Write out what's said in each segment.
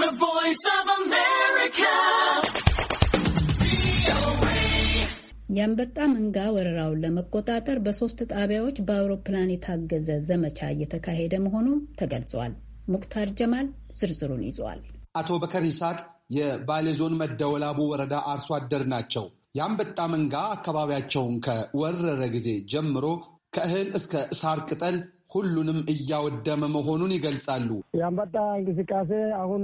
The Voice of America. የአንበጣ መንጋ ወረራውን ለመቆጣጠር በሶስት ጣቢያዎች በአውሮፕላን የታገዘ ዘመቻ እየተካሄደ መሆኑ ተገልጿል። ሙክታር ጀማል ዝርዝሩን ይዟል። አቶ በከር ይስሐቅ የባሌ ዞን መደወላቡ ወረዳ አርሶ አደር ናቸው። የአንበጣ መንጋ አካባቢያቸውን ከወረረ ጊዜ ጀምሮ ከእህል እስከ ሳር ቅጠል ሁሉንም እያወደመ መሆኑን ይገልጻሉ። የአንበጣ እንቅስቃሴ አሁን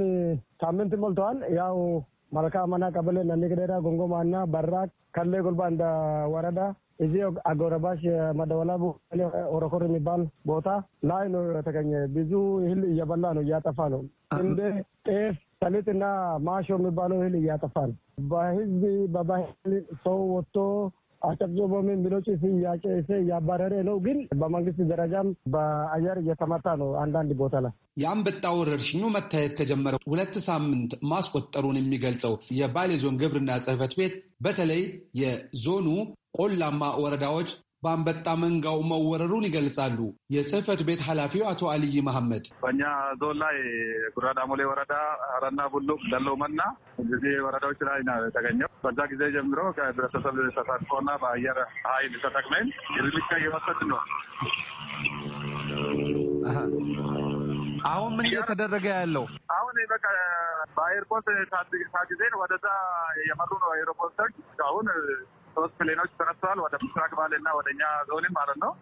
ሳምንት ሞልተዋል። ያው መልካ አማና ቀበሌ፣ ነኒቅደዳ፣ ጎንጎማና በራ ከሌ ጉልባ እንደ ወረዳ እዚህ አጎረባሽ መደወላ ኦሮኮር የሚባል ቦታ ላይ ነው የተገኘ። ብዙ እህል እየበላ ነው እያጠፋ ነው። እንደ ጤፍ፣ ሰሊጥ እና ማሾ የሚባለው እህል እያጠፋ ነው። በህዝብ በባህል ሰው ወጥቶ አጨብጭቦ ምን ብሎ ጭስ እያጨሰ እያባረረ ነው። ግን በመንግስት ደረጃም በአየር እየተመታ ነው። አንዳንድ ቦታ ላይ የአንበጣ ወረርሽኙ መታየት ከጀመረ ሁለት ሳምንት ማስቆጠሩን የሚገልጸው የባሌ ዞን ግብርና ጽህፈት ቤት በተለይ የዞኑ ቆላማ ወረዳዎች በአንበጣ መንጋው መወረሩን ይገልጻሉ። የጽህፈት ቤት ኃላፊው አቶ አልይ መሐመድ በእኛ ዞን ላይ ሞሌ ወረዳ፣ አረና ቡሉ፣ ደሎመና እዚህ ወረዳዎች ላይ ነው የተገኘው። በዛ ጊዜ ጀምሮ ከህብረተሰብ ተሳትፎና በአየር ኃይል ተጠቅመን እርምጃ እየወሰድን ነው። አሁን ምን እየተደረገ ያለው? አሁን በቃ በኤርፖርት ታግዜን ወደዛ የመሩ ነው ኤርፖርቶች አሁን ሶስት ፕሌኖች ተነስተዋል ወደ ምስራቅ ባሌ እና ወደ እኛ ዞንም ማለት ነው።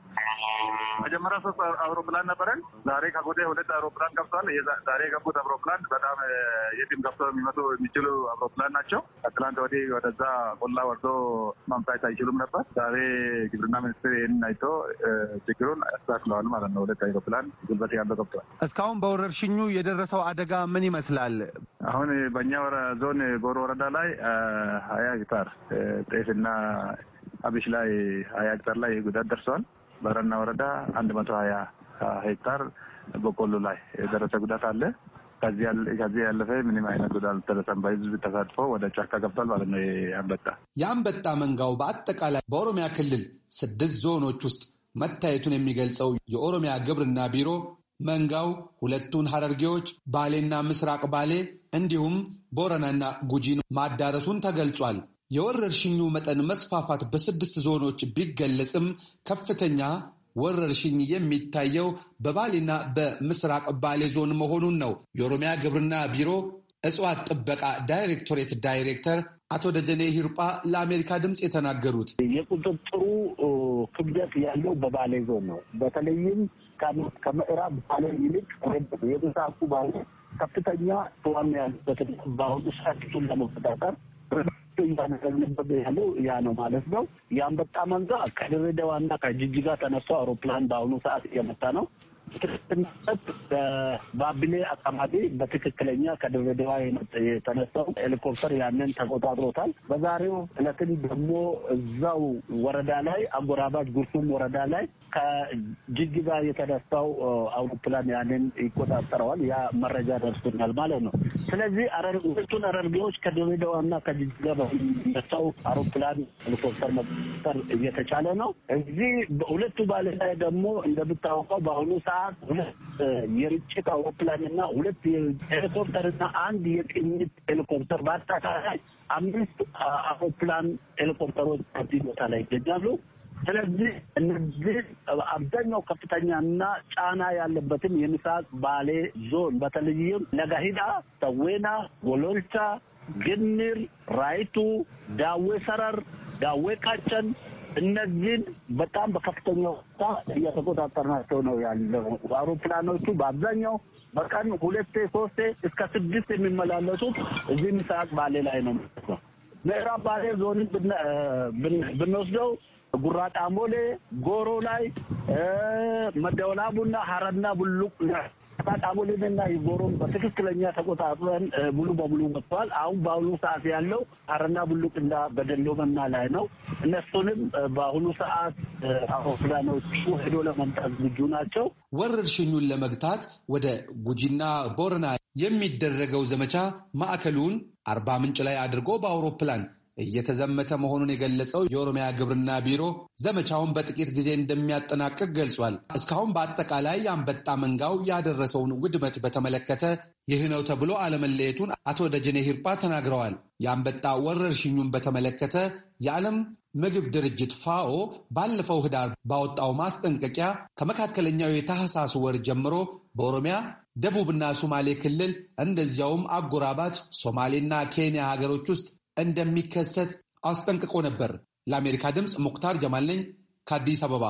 መጀመሪያ ሶስት አውሮፕላን ነበረን። ዛሬ ከጎዴ ሁለት አውሮፕላን ገብተዋል። ዛሬ የገቡት አውሮፕላን በጣም የትም ገብቶ የሚመጡ የሚችሉ አውሮፕላን ናቸው። ከትላንት ወዲህ ወደዛ ቆላ ወርዶ ማምጣት አይችሉም ነበር። ዛሬ ግብርና ሚኒስትር ይህንን አይቶ ችግሩን ያስተካክለዋል ማለት ነው። ሁለት አውሮፕላን ጉልበት ያለው ገብተዋል። እስካሁን በወረርሽኙ የደረሰው አደጋ ምን ይመስላል? አሁን በእኛ ዞን ጎሮ ወረዳ ላይ ሀያ ሄክታር ጤፍና አቢሽ ላይ ሀያ ሄክታር ላይ ጉዳት ደርሰዋል። በረና ወረዳ አንድ መቶ ሀያ ሄክታር በቆሎ ላይ የደረሰ ጉዳት አለ። ከዚህ ያለፈ ምንም አይነት ጉዳት አልደረሰም። በህዝብ ተሳትፎ ወደ ጫካ ገብቷል ማለት ነው። የአንበጣ የአንበጣ መንጋው በአጠቃላይ በኦሮሚያ ክልል ስድስት ዞኖች ውስጥ መታየቱን የሚገልጸው የኦሮሚያ ግብርና ቢሮ መንጋው ሁለቱን ሀረርጌዎች ባሌና ምስራቅ ባሌ እንዲሁም ቦረናና ጉጂን ማዳረሱን ተገልጿል። የወረርሽኙ መጠን መስፋፋት በስድስት ዞኖች ቢገለጽም ከፍተኛ ወረርሽኝ የሚታየው በባሌና በምስራቅ ባሌ ዞን መሆኑን ነው የኦሮሚያ ግብርና ቢሮ እጽዋት ጥበቃ ዳይሬክቶሬት ዳይሬክተር አቶ ደጀኔ ሂርጳ ለአሜሪካ ድምፅ የተናገሩት የቁጥጥሩ ክብደት ያለው በባሌ ዞን ነው። በተለይም ከምዕራብ ባሌ ይልቅ የምስራቁ ባሌ ከፍተኛ ተዋና ያሉበትን በአሁኑ ሰዓቱን ለመቆጣጠር እያደረግንበት ያለው ያ ነው ማለት ነው። የአንበጣ መንጋ ከድሬዳዋና ከጅጅጋ ተነስቶ አውሮፕላን በአሁኑ ሰዓት እየመጣ ነው። በባብሌ አካባቢ በትክክለኛ ከድሬዳዋ የተነሳው ሄሊኮፕተር ያንን ተቆጣጥሮታል። በዛሬው እለትም ደግሞ እዛው ወረዳ ላይ አጎራባች ጉርሱም ወረዳ ላይ ከጅግዛ የተነሳው አውሮፕላን ያንን ይቆጣጠረዋል። ያ መረጃ ደርሶናል ማለት ነው። ስለዚህ ሁለቱን አረርጌዎች ከድሬዳዋና ከጅግዛ በሚነሳው አውሮፕላን ሄሊኮፕተር መቆጣጠር እየተቻለ ነው። እዚህ ሁለቱ ባለ ላይ ደግሞ እንደምታወቀው በአሁኑ ሰዓት የርጭት አውሮፕላንና ሁለት ሄሊኮፕተርና አንድ የቅኝት ሄሊኮፕተር በአጠቃላይ አምስት አውሮፕላን ሄሊኮፕተሮች በዚህ ቦታ ላይ ይገኛሉ። ስለዚህ እነዚህ አብዛኛው ከፍተኛና ጫና ያለበትም የምስራቅ ባሌ ዞን በተለይም ነጋሂዳ፣ ሰዌና፣ ጎሎልቻ፣ ግንር፣ ራይቱ፣ ዳዌ ሰረር፣ ዳዌ ቃጨን እነዚህን በጣም በከፍተኛ ሁኔታ እየተቆጣጠርናቸው ነው ያለው። አውሮፕላኖቹ በአብዛኛው በቀን ሁለቴ ሶስቴ እስከ ስድስት የሚመላለሱት እዚህ ምስራቅ ባሌ ላይ ነው። ምዕራብ ባሌ ዞንን ብንወስደው ጉራጣሞሌ፣ ጎሮ ላይ፣ መደወላቡና ሀረና ቡሉቅ አቦሌንና ይጎሮም በትክክለኛ ተቆጣጥረን ሙሉ በሙሉ ወጥቷል። አሁን በአሁኑ ሰዓት ያለው አረና ቡሉቅና መና ላይ ነው። እነሱንም በአሁኑ ሰዓት አውሮፕላኖቹ ሄዶ ለመምጣት ዝግጁ ናቸው። ወረርሽኙን ለመግታት ወደ ጉጂና ቦረና የሚደረገው ዘመቻ ማዕከሉን አርባ ምንጭ ላይ አድርጎ በአውሮፕላን እየተዘመተ መሆኑን የገለጸው የኦሮሚያ ግብርና ቢሮ ዘመቻውን በጥቂት ጊዜ እንደሚያጠናቅቅ ገልጿል። እስካሁን በአጠቃላይ አንበጣ መንጋው ያደረሰውን ውድመት በተመለከተ ይህ ነው ተብሎ አለመለየቱን አቶ ደጀኔ ሂርጳ ተናግረዋል። የአንበጣ ወረርሽኙን በተመለከተ የዓለም ምግብ ድርጅት ፋኦ ባለፈው ህዳር ባወጣው ማስጠንቀቂያ ከመካከለኛው የታህሳስ ወር ጀምሮ በኦሮሚያ ደቡብና ሶማሌ ክልል እንደዚያውም አጎራባች ሶማሌና ኬንያ ሀገሮች ውስጥ እንደሚከሰት አስጠንቅቆ ነበር። ለአሜሪካ ድምፅ ሙክታር ጀማል ነኝ ከአዲስ አበባ።